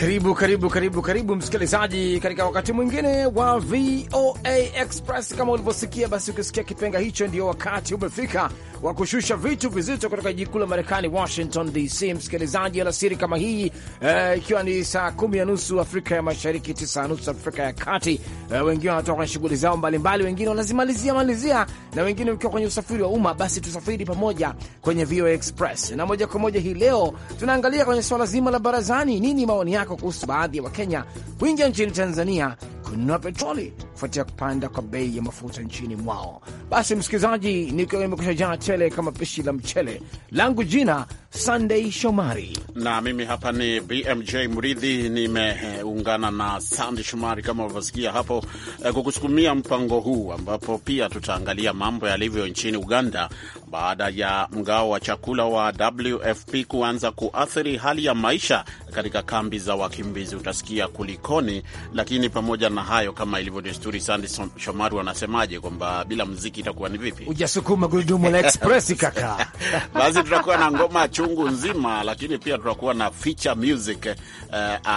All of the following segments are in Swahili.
Karibu karibu karibu karibu msikilizaji, katika wakati mwingine wa VOA Express. Kama ulivyosikia, basi ukisikia kipenga hicho, ndio wakati umefika wa kushusha vitu vizito kutoka jiji kuu la Marekani, Washington DC. Msikilizaji, alasiri kama hii e, ikiwa ni saa kumi na nusu Afrika ya Mashariki, tisa na nusu Afrika ya Kati. Eh, wengine wanatoka kwenye shughuli zao mbalimbali, wengine wanazimalizia malizia, na wengine ukiwa kwenye usafiri wa umma, basi tusafiri pamoja kwenye VOA Express. Na moja kwa moja hii leo tunaangalia kwenye swala zima la barazani, nini maoni yako yako kuhusu baadhi ya wa Wakenya kuingia nchini Tanzania kununua petroli kufuatia kupanda kwa bei ya mafuta nchini mwao. Basi msikilizaji, nikiwa imekusha jaa tele kama pishi la mchele langu, jina Sunday Shomari na mimi hapa ni BMJ Mridhi. Nimeungana na sandy Shomari kama ulivyosikia hapo, eh, kukusukumia mpango huu ambapo pia tutaangalia mambo yalivyo nchini Uganda baada ya mgao wa chakula wa WFP kuanza kuathiri hali ya maisha katika kambi za wakimbizi. Utasikia kulikoni, lakini pamoja na hayo, kama ilivyo desturi, Sandi Shomari anasemaje kwamba bila mziki itakuwa ni vipi? Ujasukuma gurudumu la express kaka. Basi tutakuwa na ngoma chungu nzima, lakini pia tutakuwa na feature music, uh,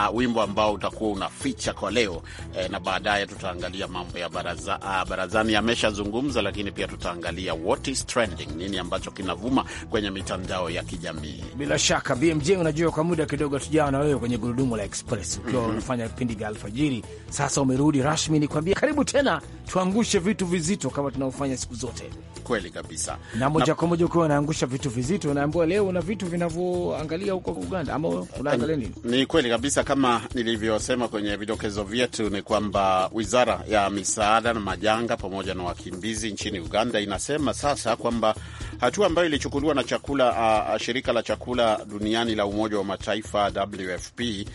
uh, wimbo ambao utakuwa una feature kwa leo, uh, na baadaye tutaangalia mambo ya baraza, uh, barazani ameshazungumza, lakini pia tutaangalia what is trending, nini ambacho kinavuma kwenye mitandao ya kijamii. Bila shaka BMJ, unajua kwa muda kidogo tujawa na wewe kwenye gurudumu gurudumu la express ukiwa unafanya vipindi vya alfajiri. Sasa umerudi rasmi, ni kwambia karibu tena tuangushe vitu vizito kama tunaofanya siku zote. Kweli kabisa, na moja kwa moja ukiwa unaangusha vitu vizito, naambiwa leo una vitu vinavyoangalia huko Uganda ama unaangalia nini? Ni kweli kabisa, kama nilivyosema kwenye vidokezo vyetu ni kwamba wizara ya misaada na majanga pamoja na wakimbizi nchini Uganda inasema sasa kwamba hatua ambayo ilichukuliwa na chakula a, a, shirika la chakula duniani la Umoja wa Mataifa WFP e,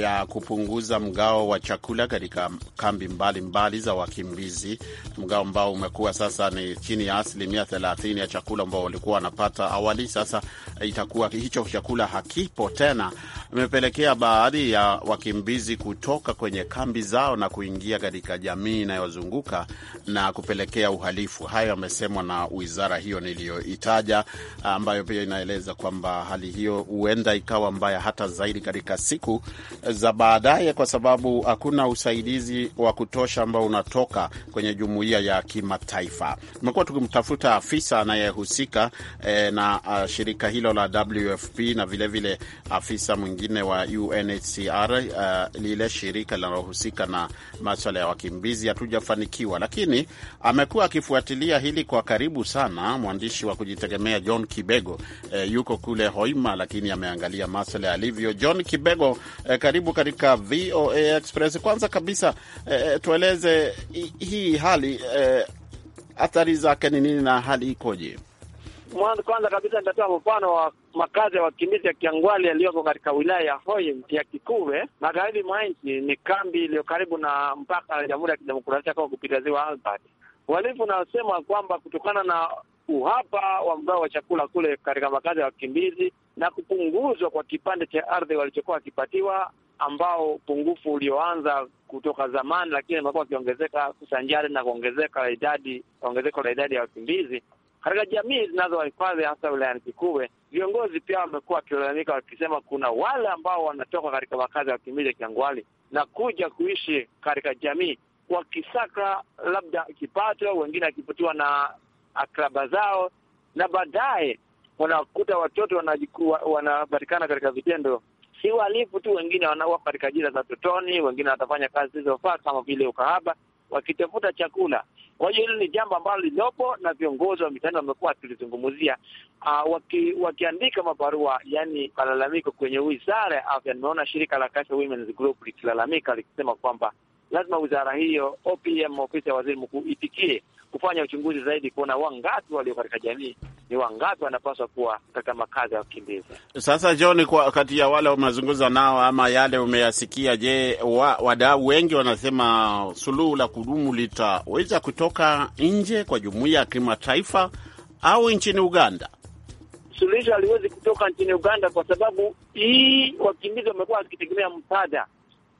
ya kupunguza mgao wa chakula katika kambi mbalimbali mbali za wakimbizi wakimbizi, mgao ambao umekuwa sasa ni chini ya asilimia thelathini ya chakula ambao walikuwa wanapata awali. Sasa itakuwa hicho chakula hakipo tena, imepelekea baadhi ya wakimbizi kutoka kwenye kambi zao na kuingia katika jamii inayozunguka na kupelekea uhalifu. Hayo yamesemwa na wizara hiyo niliyoitaja, ambayo pia inaeleza kwamba hali hiyo huenda ikawa mbaya hata zaidi katika siku za baadaye, kwa sababu hakuna usaidizi wa kutosha ambao unatoka sasa kwenye jumuiya ya kimataifa. Tumekuwa tukimtafuta afisa anayehusika eh, na uh, shirika hilo la WFP na vilevile vile afisa mwingine wa UNHCR uh, ah, lile shirika linalohusika na maswala ya wakimbizi. Hatujafanikiwa, lakini amekuwa akifuatilia hili kwa karibu sana mwandishi wa kujitegemea John Kibego eh, yuko kule Hoima, lakini ameangalia maswala yalivyo. John Kibego, eh, karibu katika VOA Express. Kwanza kabisa eh, tueleze hii hali eh, athari zake ni nini na hali ikoje? Mwanzo kwanza kabisa nitatoa mfano wa makazi ya wakimbizi ya Kiangwali yaliyoko katika wilaya ya Hoi ya Kikuwe, magharibi mwa nchi. Ni kambi iliyo karibu na mpaka ya Jamhuri ya Kidemokrasia ya kupita ziwa Albert. Uhalifu unaosema kwamba kutokana na uhaba wa mgao wa chakula kule katika makazi ya wakimbizi na kupunguzwa kwa kipande cha ardhi walichokuwa wakipatiwa ambao pungufu ulioanza kutoka zamani, lakini amekuwa akiongezeka kusanjari na kuongezeka idadi ongezeko la idadi ya wakimbizi katika jamii zinazohifadhi hasa wilayani Kikuwe, viongozi pia wamekuwa wakilalamika wakisema, kuna wale ambao wanatoka katika makazi ya wakimbizi ya Kiangwali na kuja kuishi katika jamii wakisaka labda kipato, wengine wakivutiwa na akraba zao, na baadaye wanakuta watoto wanapatikana katika vitendo si wahalifu tu, wengine wanaua katika ajira za totoni, wengine watafanya kazi zilizofaa kama vile ukahaba, wakitafuta chakula. Kwa hiyo hili ni jambo ambalo lilopo, na viongozi wa mitandao wamekuwa wakilizungumzia, uh, ah, waki, wakiandika mabarua yani malalamiko kwenye wizara ya afya. Nimeona shirika la Kasha Women's Group likilalamika likisema kwamba lazima wizara hiyo OPM, ofisi ya waziri mkuu, ifikie kufanya uchunguzi zaidi kuona wangapi walio katika jamii ni wangapi wanapaswa kuwa katika makazi ya wakimbizi. Sasa John, kwa kati ya wale umezungumza nao ama yale umeyasikia, je, wa, wadau wengi wanasema suluhu la kudumu litaweza kutoka nje kwa jumuiya ya kimataifa au nchini Uganda? Suluhisho haliwezi kutoka nchini Uganda kwa sababu hii wakimbizi wamekuwa wakitegemea msaada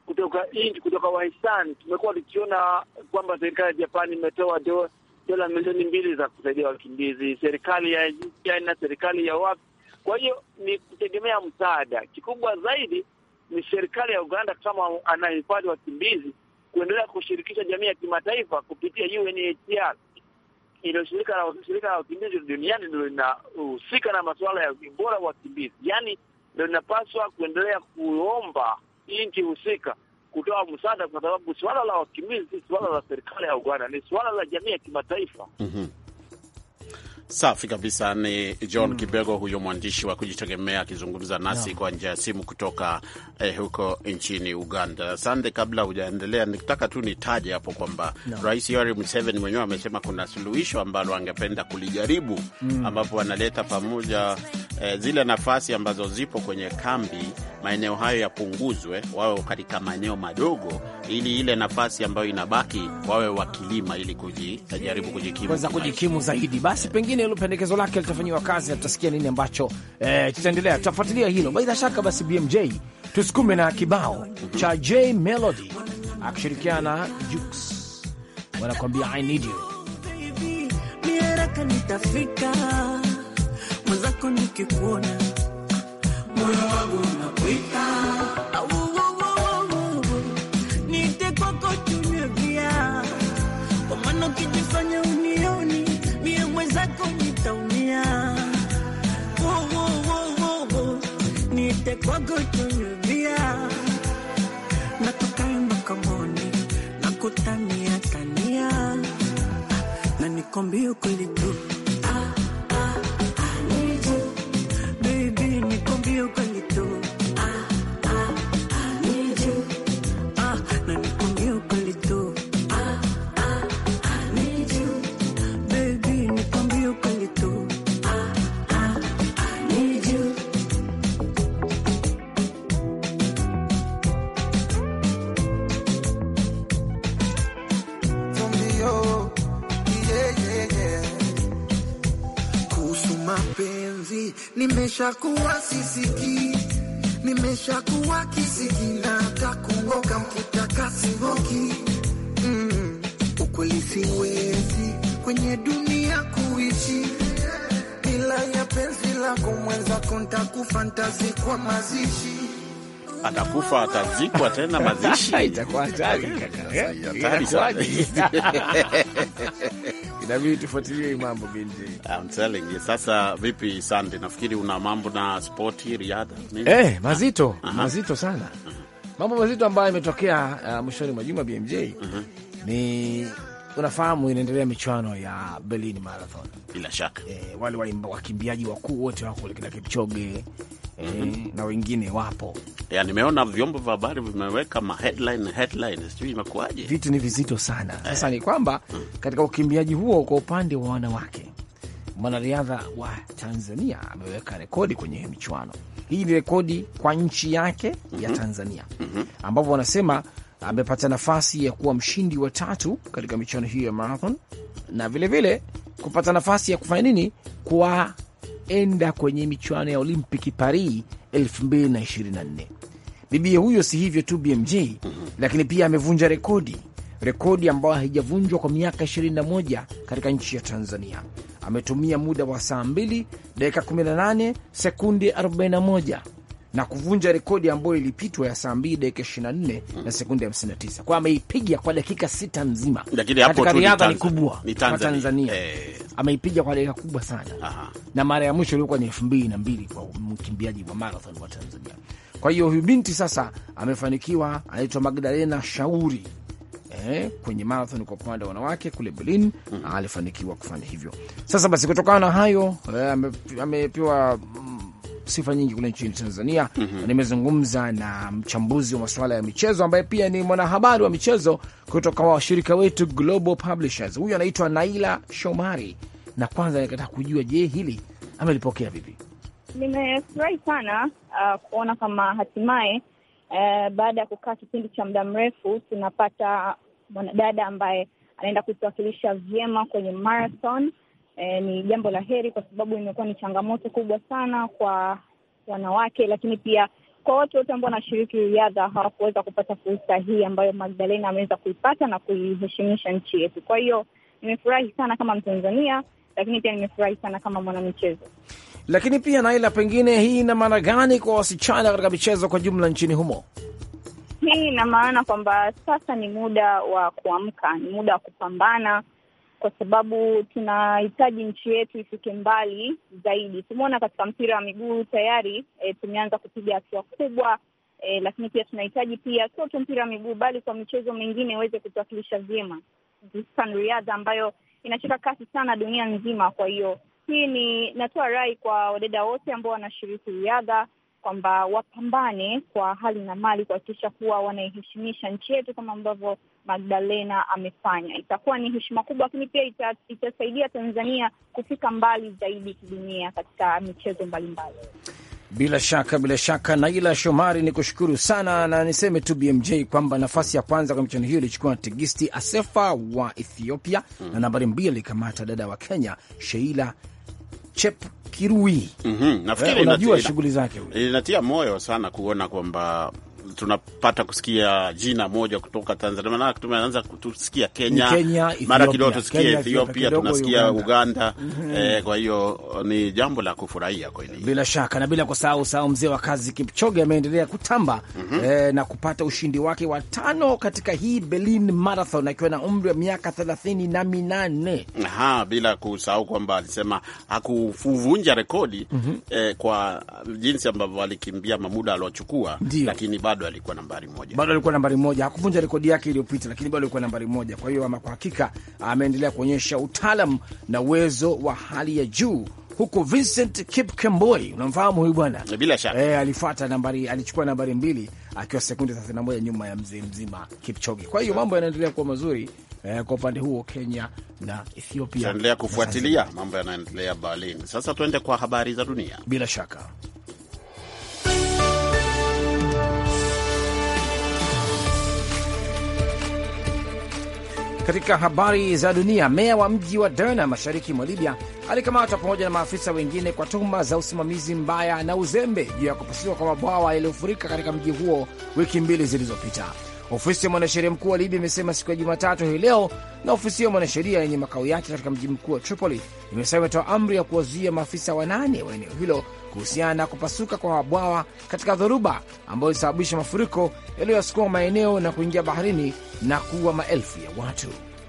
kutoka nchi, kutoka wahisani. Tumekuwa tukiona kwamba serikali ya Japani imetoa dola dola milioni mbili za kusaidia wakimbizi, serikali ya China, serikali ya wapi. Kwa hiyo ni kutegemea msaada. Kikubwa zaidi ni serikali ya Uganda kama anahifadhi wakimbizi kuendelea kushirikisha jamii ya kimataifa kupitia UNHCR ilo shirika la shirika la wakimbizi duniani ndio linahusika na masuala ya ubora wa wakimbizi, yaani ndio linapaswa kuendelea kuomba nchi husika kutoa msaada, kwa sababu suala la wakimbizi si suala la serikali ya Uganda, ni suala la jamii ya kimataifa. mm -hmm. Safi kabisa. Ni John mm. Kibego, huyo mwandishi wa kujitegemea akizungumza nasi yeah. kwa njia ya simu kutoka eh, huko nchini Uganda. Sande, Kabla hujaendelea, nikitaka tu nitaje hapo kwamba no. Rais Yoweri Museveni mwenyewe amesema kuna suluhisho ambalo angependa kulijaribu mm. ambapo analeta pamoja eh, zile nafasi ambazo zipo kwenye kambi maeneo hayo yapunguzwe, wawe katika maeneo madogo, ili ile nafasi ambayo inabaki wawe wakilima, ili kujaribu kujikimu kujikimu zaidi. Basi pengine hilo pendekezo lake litafanyiwa kazi na tutasikia nini ambacho eh, tutaendelea, tutafuatilia hilo bila shaka. Basi BMJ tusukume na kibao cha J Melody akishirikiana na Jux wanakuambia I need you nitafika mwenzako nikikuona moyo wangu nakuita Nimeshakuwa sisiki, nimeshakuwa kisiki, na takuoka mkitaka sivoki. Mm, ukweli siwezi kwenye dunia kuishi bila ya penzi lako, mwenzako kontakufantasi kwa mazishi atakufa, atazikwa tena, mazishi itakuwa hatari inabidi tufuatilie hii mambo binti. Sasa vipi, Sande? Nafikiri una mambo na spoti, riadha eh, mazito uh-huh. mazito sana mambo mazito ambayo imetokea uh, mwishoni mwa juma BMJ uh-huh. ni unafahamu inaendelea michuano ya Berlin Marathon bila shaka e, wale wale wakimbiaji wakuu wote wako kina Kipchoge Mhm. Eh, na wengine wapo ya, nimeona vyombo vya habari vimeweka ma headline headline, sijui imekuwaje, vitu ni vizito sana. Eh. Sasa ni kwamba mm. katika ukimbiaji huo kwa upande wa wanawake mwanariadha wa Tanzania ameweka rekodi kwenye michuano hii. Ni rekodi kwa nchi yake mm -hmm. ya mhm. Tanzania mm -hmm. ambapo wanasema amepata nafasi ya kuwa mshindi wa tatu katika michuano hiyo ya marathon na vilevile vile, kupata nafasi ya kufanya nini, kwa kuenda kwenye michuano ya Olimpiki Paris 2024. Bibie huyo si hivyo tu BMJ, mm -hmm. lakini pia amevunja rekodi, rekodi ambayo haijavunjwa kwa miaka 21 katika nchi ya Tanzania. Ametumia muda wa saa 2 dakika 18 sekunde 41 na kuvunja rekodi ambayo ilipitwa ya saa mbili dakika ishirini na nne na sekunde hamsini na tisa kwa ameipiga kwa dakika sita nzima. Katika riadha ni kubwa kwa Tanzania eh, ameipiga kwa dakika kubwa sana. Aha. na mara ya mwisho ilikuwa ni elfu mbili na mbili kwa mkimbiaji wa marathon wa Tanzania. Kwa hiyo huyu binti sasa amefanikiwa, anaitwa Magdalena Shauri eh, kwenye marathon kwa upande wa wanawake kule Berlin mm, alifanikiwa kufanya hivyo. Sasa basi, kutokana na hayo eh, amepewa sifa nyingi kule nchini Tanzania mm -hmm. nimezungumza na mchambuzi wa masuala ya michezo ambaye pia ni mwanahabari wa michezo kutoka washirika wetu Global Publishers. Huyu anaitwa Naila Shomari, na kwanza nikataka kujua, je, hili amelipokea vipi? Nimefurahi sana uh, kuona kama hatimaye uh, baada ya kukaa kipindi cha muda mrefu tunapata mwanadada ambaye anaenda kutuwakilisha vyema kwenye marathon e, ni jambo la heri kwa sababu imekuwa ni changamoto kubwa sana kwa wanawake, lakini pia kwa watu wote ambao wanashiriki riadha hawakuweza kupata fursa hii ambayo Magdalena ameweza kuipata na kuiheshimisha nchi yetu. Kwa hiyo nimefurahi sana kama Mtanzania, lakini pia nimefurahi sana kama mwanamichezo. Lakini pia Naila, pengine hii ina maana gani kwa wasichana katika michezo kwa jumla nchini humo? Hii ina maana kwamba sasa ni muda wa kuamka, ni muda wa kupambana, kwa sababu tunahitaji nchi yetu ifike mbali zaidi. Tumeona katika mpira wa miguu tayari e, tumeanza kupiga hatua kubwa e, lakini pia tunahitaji pia sio tu mpira wa miguu, bali kwa michezo mingine iweze kutuwakilisha vyema, hususan riadha ambayo inashika kasi sana dunia nzima. Kwa hiyo hii ni natoa rai kwa wadada wote ambao wanashiriki riadha kwamba wapambane kwa hali na mali kuhakikisha kuwa wanaiheshimisha nchi yetu kama ambavyo Magdalena amefanya. Itakuwa ni heshima kubwa, lakini pia ita, itasaidia Tanzania kufika mbali zaidi kidunia katika michezo mbalimbali. Bila shaka, bila shaka. Naila Shomari, ni kushukuru sana, na niseme tu BMJ kwamba nafasi ya kwanza kwa michano hiyo ilichukua na Tigisti Asefa wa Ethiopia, mm, na nambari mbili alikamata dada wa Kenya Sheila Chep Kirui. Mm -hmm. Nafikiri eh, unajua shughuli zake. Inatia moyo sana kuona kwamba tunapata kusikia jina moja kutoka Tanzania, maana tumeanza kusikia Kenya, Kenya mara kidogo tusikie Ethiopia, tunasikia Uganda. E, kwa hiyo ni jambo la kufurahia kweli, bila shaka na bila kusahau sahau mzee wa kazi Kipchoge ameendelea kutamba mm -hmm. E, na kupata ushindi wake wa tano katika hii Berlin Marathon akiwa na umri wa miaka thelathini na minane. ha, bila kusahau kwamba alisema hakuvunja rekodi mm -hmm. E, kwa jinsi ambavyo alikimbia mamuda aliochukua, lakini bado alikuwa nambari moja, bado alikuwa nambari moja, hakuvunja rekodi yake iliyopita, lakini bado alikuwa nambari moja. Kwa hiyo ama kwa hakika ameendelea kuonyesha utaalam na uwezo wa hali ya juu huko Vincent Kipkemboi, unamfahamu huyu bwana bila shaka e, alifuata nambari, alichukua nambari mbili akiwa sekunde 31 nyuma ya mzee mzima Kipchoge. Kwa hiyo mambo yanaendelea kuwa mazuri e, kwa upande huo Kenya na Ethiopia. Tuendelea kufuatilia mambo yanaendelea Berlin. Sasa tuende kwa habari za dunia bila shaka. Katika habari za dunia, meya wa mji wa Derna mashariki mwa Libya alikamatwa pamoja na maafisa wengine kwa tuhuma za usimamizi mbaya na uzembe juu ya kupasuliwa kwa mabwawa yaliyofurika katika mji huo wiki mbili zilizopita. Ofisi ya mwanasheria mkuu wa Libya imesema siku ya Jumatatu hii leo, na ofisi ya mwanasheria yenye makao yake katika mji mkuu wa Tripoli imesema imetoa amri ya kuwazuia maafisa wanane wa eneo hilo kuhusiana na kupasuka kwa mabwawa katika dhoruba ambayo ilisababisha mafuriko yaliyoyasukuma maeneo na kuingia baharini na kuua maelfu ya watu.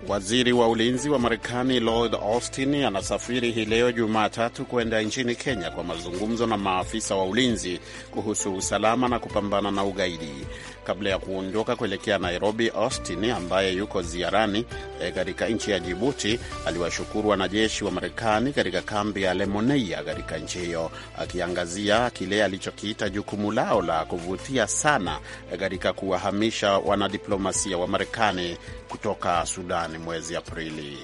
Waziri wa ulinzi wa Marekani Lloyd Austin anasafiri hii leo Jumatatu kwenda nchini Kenya kwa mazungumzo na maafisa wa ulinzi kuhusu usalama na kupambana na ugaidi kabla ya kuondoka kuelekea Nairobi. Austin ambaye yuko ziarani e, katika nchi ya Jibuti aliwashukuru wanajeshi wa Marekani katika kambi ya Lemoneia katika nchi hiyo, akiangazia kile alichokiita jukumu lao la kuvutia sana eh, katika kuwahamisha wanadiplomasia wa Marekani kutoka Sudani mwezi Aprili.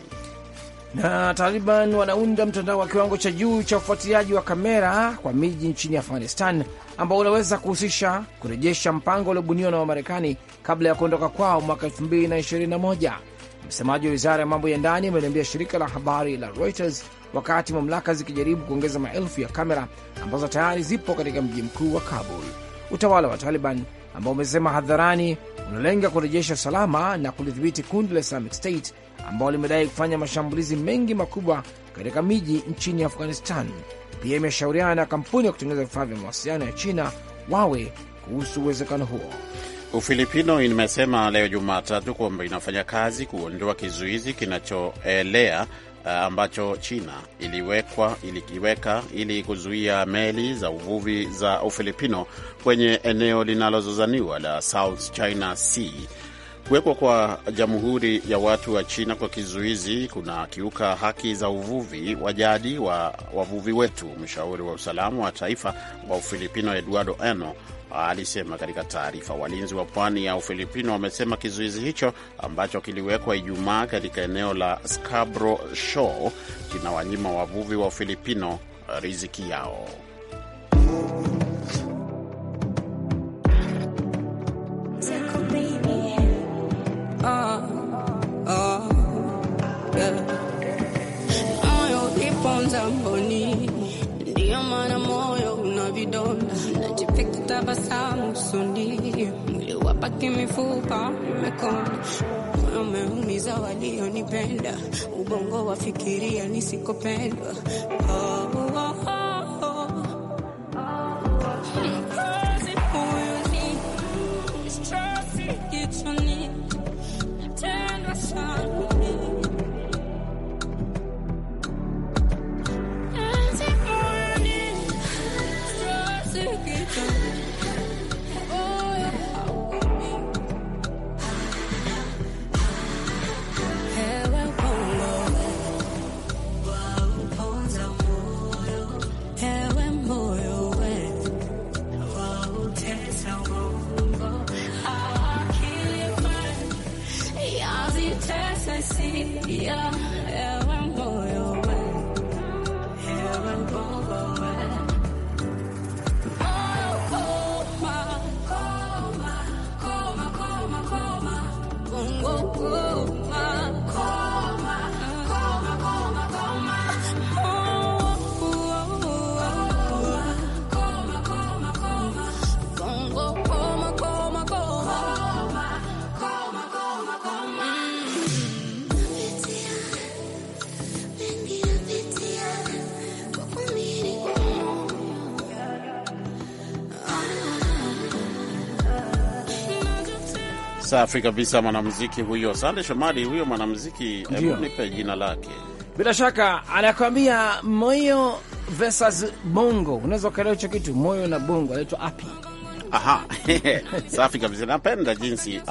Na Taliban wanaunda mtandao wa kiwango cha juu cha ufuatiliaji wa kamera kwa miji nchini Afghanistan ambao unaweza kuhusisha kurejesha mpango uliobuniwa na Wamarekani kabla ya kuondoka kwao mwaka 2021. Msemaji wa wizara ya mambo ya ndani ameliambia shirika la habari la Reuters wakati mamlaka zikijaribu kuongeza maelfu ya kamera ambazo tayari zipo katika mji mkuu wa Kabul. Utawala wa Taliban ambao umesema hadharani unalenga kurejesha usalama na kulidhibiti kundi la Islamic State ambao limedai kufanya mashambulizi mengi makubwa katika miji nchini Afghanistan. Pia imeshauriana na kampuni ya kutengeneza vifaa vya mawasiliano ya China wawe kuhusu uwezekano huo. Ufilipino imesema leo Jumatatu kwamba inafanya kazi kuondoa kizuizi kinachoelea eh, ambacho China iliwekwa ilikiweka ili kuzuia meli za uvuvi za Ufilipino kwenye eneo linalozozaniwa la South China Sea Kuwekwa kwa Jamhuri ya Watu wa China kwa kizuizi kuna kiuka haki za uvuvi wa jadi wa wavuvi wetu, mshauri wa usalama wa taifa wa Ufilipino Eduardo Eno alisema katika taarifa. Walinzi wa pwani ya Ufilipino wamesema kizuizi hicho ambacho kiliwekwa Ijumaa katika eneo la Scarborough Shoal kinawanyima wavuvi wa Ufilipino riziki yao. Moyo uliponza mboni, ndiyo moyo mifupa moyo umeumiza walionipenda, ubongo wafikiria nisikopendwa. Ah. Safi kabisa, mwanamuziki huyo Sande shomali Huyo mwanamuziki, hebu nipe jina lake. Bila shaka anakwambia moyo versus bongo, unaweza ukaelewa hicho kitu, moyo na bongo, anaitwa api. Aha, safi kabisa, napenda jinsi uh,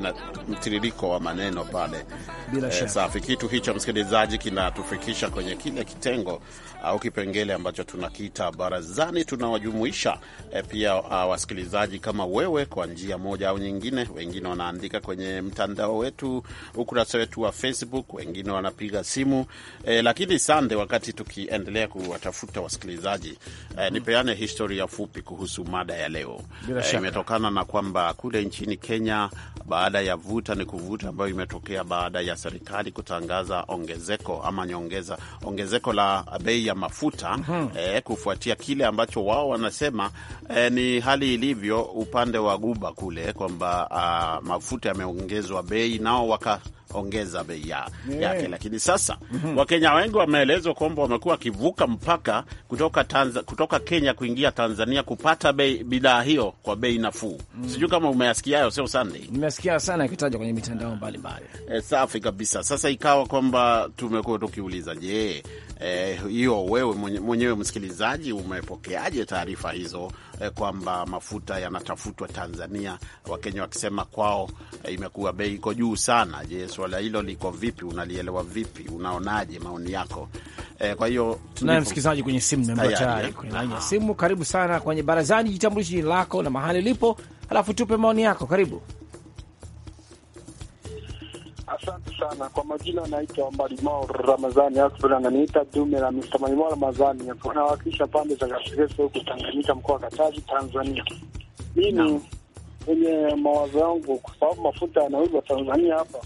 na mtiririko wa maneno pale. Bila eh, shaka, safi. Kitu hicho msikilizaji, kinatufikisha kwenye kile kitengo au kipengele ambacho tunakiita barazani. Tunawajumuisha e, pia a, ah, wasikilizaji kama wewe, kwa njia moja au nyingine. Wengine wanaandika kwenye mtandao wetu, ukurasa wetu wa Facebook, wengine wanapiga simu e, lakini sande, wakati tukiendelea kuwatafuta wasikilizaji e, nipeane historia fupi kuhusu mada ya leo. Imetokana e, na kwamba kule nchini Kenya baada ya vu vuta ni kuvuta ambayo imetokea baada ya serikali kutangaza ongezeko ama nyongeza ongezeko la bei ya mafuta mm -hmm. E, kufuatia kile ambacho wao wanasema e, ni hali ilivyo upande wa Guba kule kwamba ah, mafuta yameongezwa bei nao waka ongeza bei ya yeah, yake. Lakini sasa mm -hmm. Wakenya wengi wameelezwa kwamba wamekuwa wakivuka mpaka kutoka, Tanz kutoka Kenya kuingia Tanzania kupata bidhaa hiyo kwa bei nafuu mm. Sijui kama umeyasikia hayo, sio Sunday? Nimesikia sana ikitajwa kwenye mitandao mbalimbali. E, safi kabisa. Sasa ikawa kwamba tumekuwa tukiuliza, je, Eh, hiyo. E, wewe mwenyewe msikilizaji, umepokeaje taarifa hizo e, kwamba mafuta yanatafutwa Tanzania, Wakenya wakisema kwao e, imekuwa bei iko juu sana? Je, suala hilo liko vipi? Unalielewa vipi? Unaonaje? maoni yako e, kwa hiyo tunaye msikilizaji kwenye simu namba tayari kwenye laini ya ah. simu. Karibu sana kwenye barazani, jitambulishi lako na mahali ulipo, halafu tupe maoni yako. Karibu. Asante sana kwa majina, anaitwa Malimao Ramadhani Asbra, ananiita dume la Mr. Malimao Ramadhani, anawakilisha pande za Gasegeso huku Tanganyika, mkoa wa Katavi, Tanzania. Mimi kwenye mawazo yangu, kwa sababu mafuta yanauzwa Tanzania hapa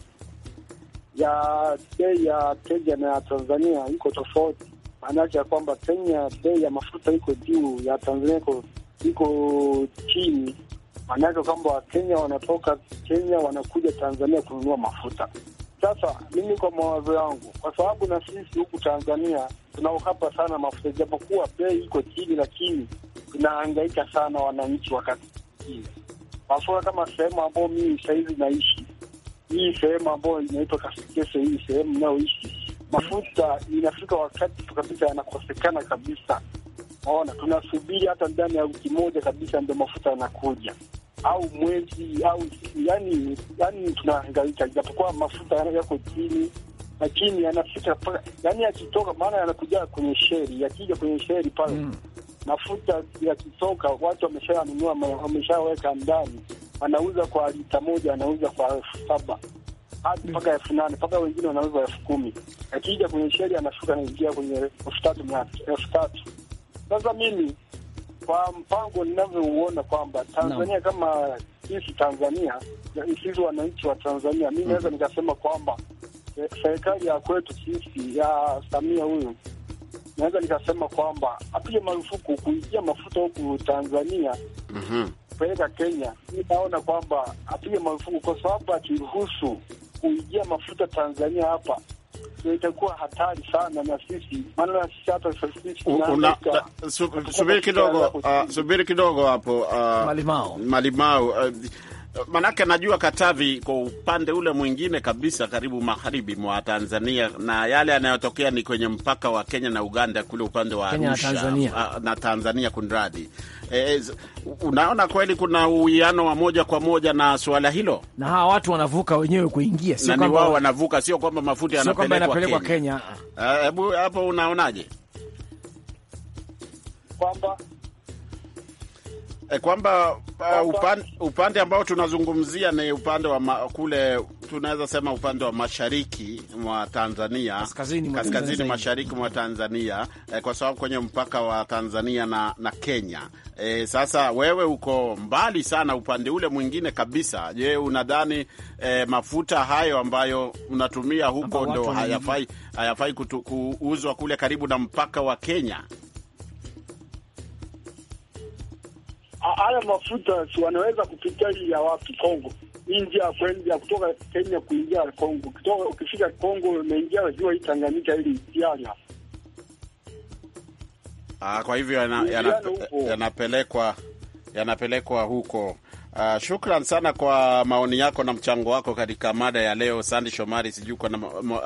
ya bei ya Kenya na ya Tanzania iko tofauti, maana yake ya kwamba Kenya bei ya mafuta iko juu, ya Tanzania iko chini maanake kwamba Wakenya wanatoka Kenya wanakuja Tanzania kununua mafuta. Sasa mimi kwa mawazo yangu, kwa sababu na sisi huku Tanzania tunaokapa sana mafuta, japokuwa bei iko chini, lakini tunahangaika sana wananchi wakati mafuta kama sehemu ambayo mii sahizi naishi, hii sehemu ambayo inaitwa Kasikese, hii sehemu inayoishi mafuta inafika wakati kabisa yanakosekana kabisa. Naona tunasubiri hata ndani ya wiki moja kabisa, ndio mafuta yanakuja au mwezi au yani, yani tunahangaika, japokuwa mafuta yako chini, lakini yanafika yani yakitoka, maana yanakuja kwenye sheri, yakija kwenye sheri pale mm. mafuta yakitoka, watu wameshanunua wameshaweka ndani, anauza kwa lita moja, anauza kwa elfu saba hadi hmm. mpaka elfu nane mpaka wengine wanauza elfu kumi Akija kwenye sheri anashuka, anaingia kwenye elfu tatu elfu tatu Sasa mimi kwa mpango ninavyouona kwamba Tanzania no. kama sisi Tanzania, sisi wananchi wa Tanzania, mi naweza mm. nikasema kwamba eh, serikali ya kwetu sisi ya Samia huyu, naweza nikasema kwamba apige marufuku kuingia mafuta huku Tanzania mm -hmm. kupeleka Kenya. Mi naona kwamba apige marufuku, kwa sababu akiruhusu kuingia mafuta Tanzania hapa itakuwa hatari sana na sisi, Subiri kidogo, ah, subiri kidogo hapo, ah, Malimao, Malimao. Ah, Manake najua Katavi kwa upande ule mwingine kabisa, karibu magharibi mwa Tanzania, na yale yanayotokea ni kwenye mpaka wa Kenya na Uganda kule upande wa Arusha Tanzania, ah, na Tanzania kunradi. E, eh, eh, unaona kweli kuna uwiano wa moja kwa moja na suala hilo, na hawa watu wanavuka wenyewe kuingia, sio kwamba wao wanavuka, sio kwamba mafuta yanapelekwa Kenya. Eh, hebu hapo unaonaje kwamba E, kwamba uh, eh, upande, upande ambao tunazungumzia ni upande wa ma, kule tunaweza sema upande wa mashariki mwa Tanzania, kaskazini, kaskazini mashariki mwa Tanzania e, kwa sababu kwenye mpaka wa Tanzania na, na Kenya e, sasa wewe uko mbali sana upande ule mwingine kabisa. Je, unadhani e, mafuta hayo ambayo unatumia huko ndo hayafai, hayafai kuuzwa kule karibu na mpaka wa Kenya? haya mafuta si wanaweza kupitia hii ya wapi? Kongo hii njia ya kwenda kutoka Kenya kuingia Kongo, kutoka ukifika Kongo umeingia ziwa hii Tanganyika ili Itiana. Ah, kwa hivyo yanapelekwa yana, yana yanapelekwa huko Uh, shukran sana kwa maoni yako na mchango wako katika mada ya leo, Sandi Shomari. Sijui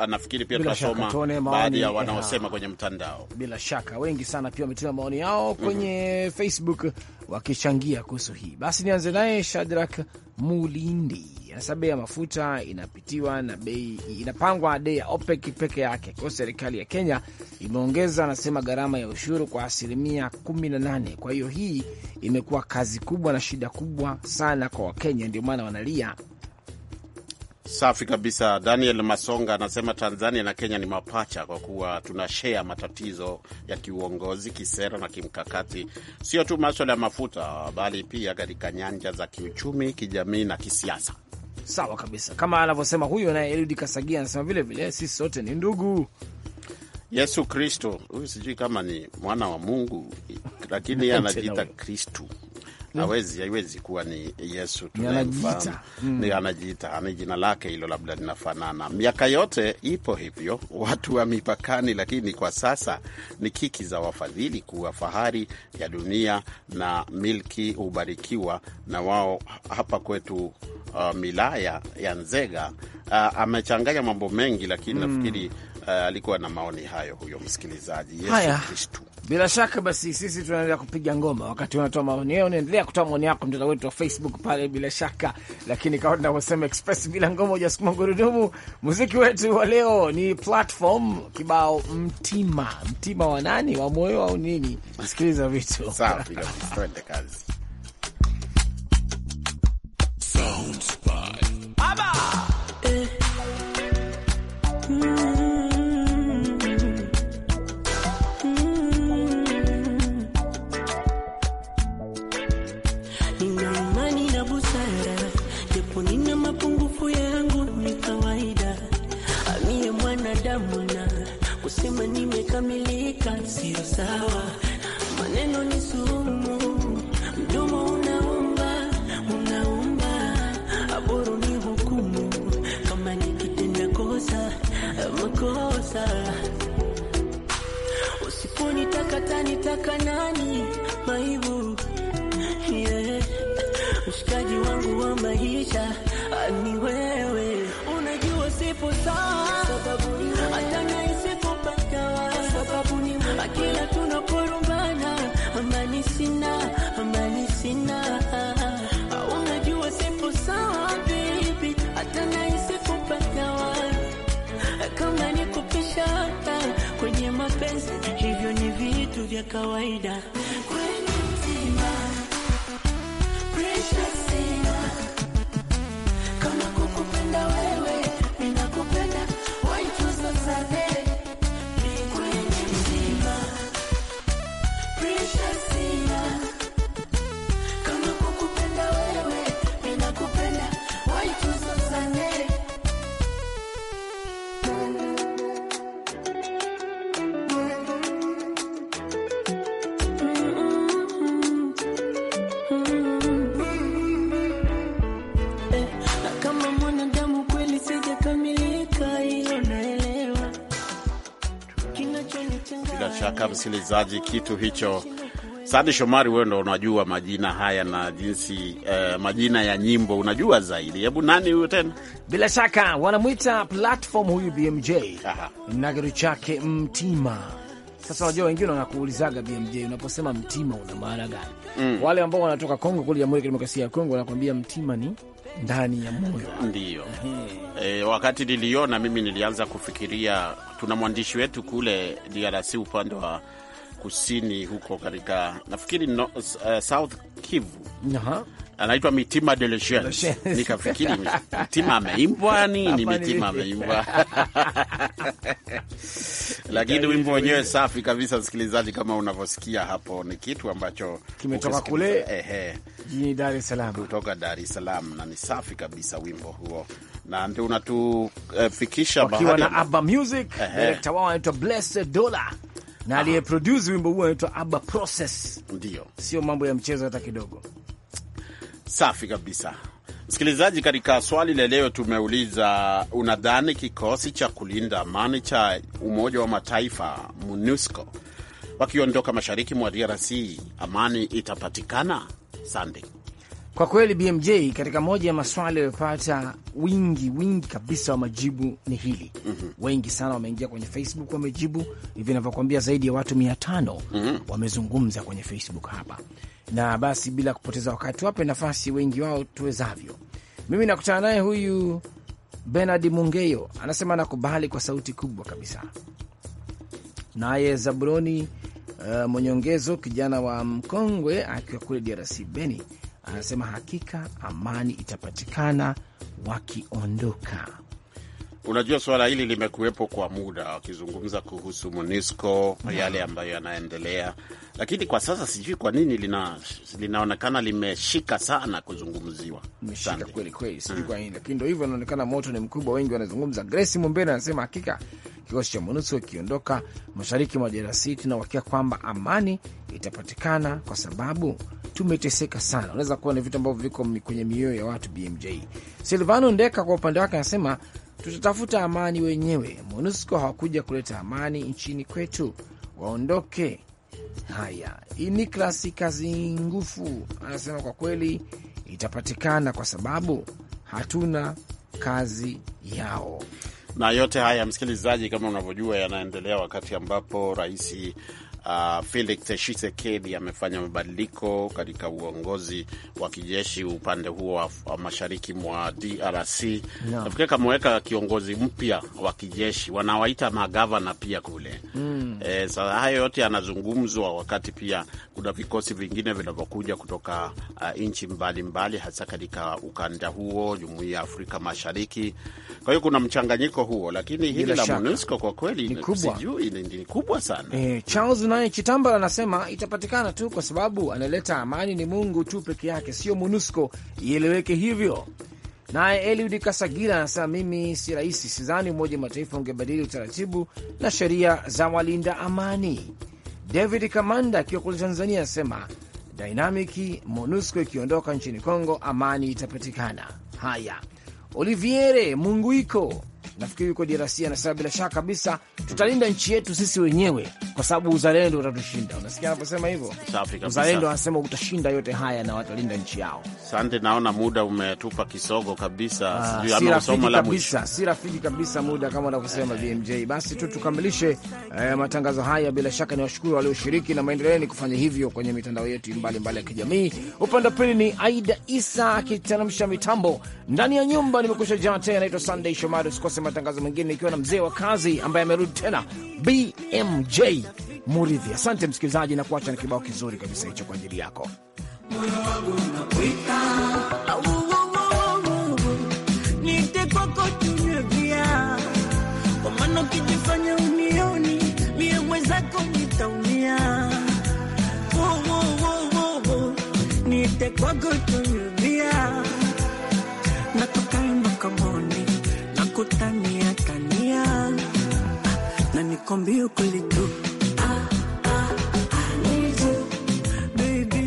nafikiri pia tunasoma baadhi ya wanaosema kwenye mtandao. Bila shaka wengi sana pia wametuma maoni yao kwenye mm -hmm. Facebook wakichangia kuhusu hii. Basi nianze naye Shadrak Mulindi sasa bei ya mafuta inapitiwa na bei inapangwa dei ya OPEC peke yake, kwa serikali ya Kenya imeongeza anasema gharama ya ushuru kwa asilimia 18. Kwa hiyo hii imekuwa kazi kubwa na shida kubwa sana kwa Wakenya, ndio maana wanalia Safi kabisa. Daniel Masonga anasema Tanzania na Kenya ni mapacha kwa kuwa tunashea matatizo ya kiuongozi, kisera na kimkakati, sio tu maswala ya mafuta, bali pia katika nyanja za kiuchumi, kijamii na kisiasa. Sawa kabisa, kama anavyosema huyo naye Eludi Kasagia anasema vilevile sisi sote ni ndugu. Yesu Kristo huyu sijui kama ni mwana wa Mungu, lakini anajiita Kristu Mm. hawezi haiwezi kuwa ni Yesu tunayemfahamu, ni mm. anajiita ni jina lake hilo, labda linafanana. Miaka yote ipo hivyo watu wa mipakani, lakini kwa sasa ni kiki za wafadhili kuwa fahari ya dunia na milki hubarikiwa na wao. Hapa kwetu uh, milaya ya Nzega uh, amechanganya mambo mengi, lakini mm. nafikiri uh, alikuwa na maoni hayo huyo msikilizaji. Yesu haya, Kristu. Bila shaka basi sisi tunaendelea kupiga ngoma wakati unatoa maoni yao, unaendelea kutoa maoni yako mtandao wetu wa Facebook pale, bila shaka. Lakini kama tunavyosema express, bila ngoma hujasukuma gurudumu. Muziki wetu wa leo ni platform kibao mtima. Mtima wa nani? Wa moyo au nini? Sikiliza vitu safi twende kazi. Sounds. mapenzi, hivyo ni vitu vya kawaida. msikilizaji, kitu hicho. Sande Shomari, wewe ndo unajua majina haya na jinsi eh, majina ya nyimbo unajua zaidi. Hebu nani huyo tena? Bila shaka wanamwita platform huyu BMJ Aha. na kitu chake mtima sasa wajua, wengine wanakuulizaga BMJ, unaposema mtima una maana gani? Mm. Wale ambao wanatoka Kongo kule, Jamhuri ya Kidemokrasia ya Kongo, wanakuambia mtima ni ndani ya moyo. ndio E, wakati niliona mimi nilianza kufikiria, tuna mwandishi wetu kule DRC upande wa kusini huko katika nafikiri no, uh, South Kivu. Aha anaitwa Mitima de Lechens. Nikafikiri Mitima ameimbwa nini, Mitima ameimbwa lakini wimbo wenyewe safi kabisa, msikilizaji, kama unavyosikia hapo ni kitu ambacho kimetoka kule jijini Dar es Salaam, kutoka Dar es Salaam, na ni safi kabisa wimbo huo, na ndio unatufikisha wakiwa na Abba Music. direkta wao anaitwa Blessed Dola na ah. aliyeproduce wimbo huo anaitwa Abba Process. Ndio, sio mambo ya mchezo hata kidogo. Safi kabisa. Msikilizaji, katika swali la leo tumeuliza, unadhani kikosi cha kulinda amani cha Umoja wa Mataifa MONUSCO wakiondoka mashariki mwa DRC, amani itapatikana? Sande. Kwa kweli BMJ, katika moja ya maswali yaliyopata wingi wingi kabisa wa majibu ni hili. mm -hmm. Wengi sana wameingia kwenye Facebook wamejibu hivi navyokwambia, zaidi ya watu mia tano mm -hmm. wamezungumza kwenye Facebook hapa, na basi bila kupoteza wakati, wape nafasi wengi wao tuwezavyo. Mimi nakutana naye huyu Benard Mungeyo, anasema nakubali kwa sauti kubwa kabisa. Naye Zabuloni uh, eh, Mwenyeongezo, kijana wa mkongwe akiwa kule DRC Beni anasema hakika amani itapatikana wakiondoka. Unajua, suala hili limekuwepo kwa muda, wakizungumza kuhusu MONUSCO mm -hmm. yale ambayo yanaendelea, lakini kwa sasa sijui kwa nini lina, linaonekana limeshika sana kuzungumziwa, limeshika kweli kweli, sijui mm. kwa nini, lakini ndo hivyo, inaonekana moto ni mkubwa, wengi wanazungumza. Grace Mumbere anasema hakika kikosi cha MONUSCO kikiondoka mashariki mwa DRC, tunauhakia kwamba amani itapatikana kwa sababu tumeteseka sana. Unaweza kuwa ni vitu ambavyo viko kwenye mioyo ya watu. BMJ Silvano Ndeka kwa upande wake anasema tutatafuta amani wenyewe. MONUSCO hawakuja kuleta amani nchini kwetu, waondoke. Haya, Niklasi Kazi Ngufu anasema kwa kweli itapatikana kwa sababu hatuna kazi yao na yote haya msikilizaji, kama unavyojua, yanaendelea wakati ambapo rais uh, Felix Tshisekedi amefanya mabadiliko katika uongozi wa kijeshi upande huo wa, wa mashariki mwa DRC no. Nafikiri kameweka kiongozi mpya wa kijeshi, wanawaita magavana pia kule mm. E, eh, sasa hayo yote yanazungumzwa wakati pia kuna vikosi vingine vinavyokuja kutoka uh, nchi mbalimbali hasa katika ukanda huo, jumuiya ya Afrika Mashariki. Kwa hiyo kuna mchanganyiko huo, lakini hili la MONUSCO kwa kweli sijui ni kubwa sana e, Charles naye Chitambala anasema itapatikana tu kwa sababu analeta amani ni Mungu tu peke yake, sio MONUSCO, ieleweke hivyo. Naye Eliud Kasagira anasema mimi si rahisi, sidhani Umoja Mataifa ungebadili utaratibu na sheria za walinda amani. David Kamanda akiwa kule Tanzania anasema dinamiki MONUSCO ikiondoka nchini congo amani itapatikana. Haya, Oliviere Munguiko nafikiri yuko DRC, anasema bila shaka kabisa tutalinda nchi yetu sisi wenyewe, kwa sababu uzalendo utatushinda. Unasikia anaposema hivyo, uzalendo anasema utashinda yote haya na watalinda nchi yao. Sante, naona muda umetupa kisogo ah, kabisa, si rafiki kabisa muda kama unavyosema BMJ. Basi tu tukamilishe eh, matangazo haya. Bila shaka ni washukuru walioshiriki na maendeleo ni kufanya hivyo kwenye mitandao yetu mbalimbali mbali ya kijamii. Upande wa pili ni Aida Isa akitanamsha mitambo ndani ya nyumba. Nimekusha jaa tena, naitwa Sunday Shomari, usikose matangazo mengine, ikiwa na mzee wa kazi ambaye amerudi tena BMJ Muridhi. Asante msikilizaji, na kuacha na kibao kizuri kabisa hicho kwa ajili yako. nite kwako tu comigo, ele tu.